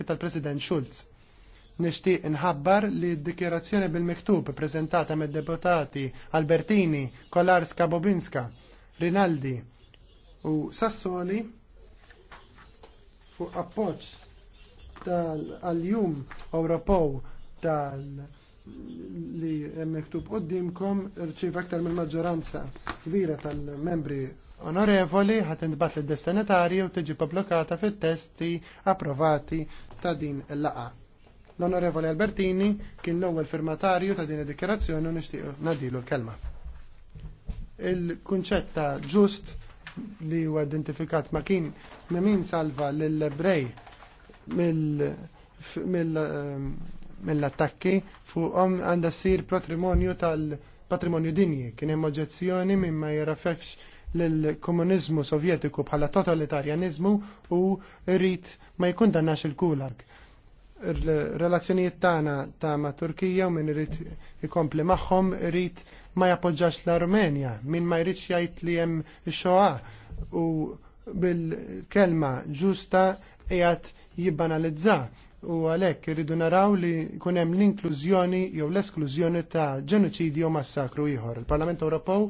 tal-President Schulz. Nixtieq inħabbar li d-dikjerazzjoni bil-miktub prezentata mid deputati Albertini, Kolarska Bobinska, Rinaldi u Sassoli fuq appoġġ tal-jum Ewropew tal- li miktub qoddimkom rċiv aktar mill-maġġoranza kbira tal-membri onorevoli ħat indbat l-destinatarju u tiġi pablokata fit-testi approvati ta' din il-laqa. L-Onorevoli Albertini kien l-ewwel firmatarju ta' din id dikjarazzjoni u nixtieq nadilu l-kelma. Il-kunċett ta' ġust li huwa identifikat ma' kien min salva lill ebrej mill mill-attakki fuqhom għandha ssir patrimonju tal-patrimonju dinji. Kien hemm oġġezzjoni minn ma jirrafefx lill-komuniżmu sovjetiku bħala totalitarjaniżmu u rrid ma jkundannax il-kulak. Relazzjonijiet tagħna ta' ma' Turkija u min irid ikompli magħhom irid ma jappoġġax l-Armenja, min ma jridx jgħid li hemm ix-xoqa u bil-kelma ġusta qiegħed jibbanalizza u għalhekk irridu naraw li kunem hemm l-inklużjoni jew l-esklużjoni ta' ġenoċidju u massakru ieħor. Il-Parlament Ewropew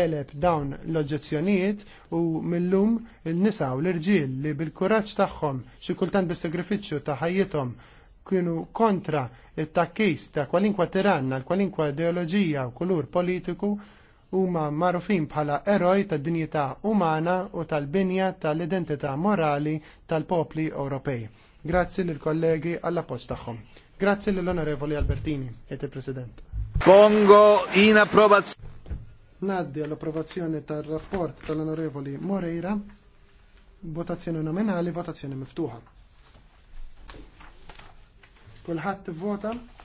eleb dawn l-oġġezzjonijiet u millum il-nisa u l-irġiel li bil-kuraġġ tagħhom xi kultant bis-sagrifiċċju ta' ħajjithom kienu kontra it-takkis ta' kwalinkwa tiranna, kwalinkwa ideoloġija u kulur politiku huma magħrufin bħala eroj tad-dinjità umana u tal-binja tal-identità morali tal-popli Ewropej. Grazzi lill kollegi għall appoġġ tagħhom. Grazzi lill onorevoli Albertini, et il-President. Pongo in approvazione. Naddi all'approvazione tal rapport tal-onorevoli Moreira. Votazzjoni nominali, votazzjoni miftuħa. Kulħadd vota.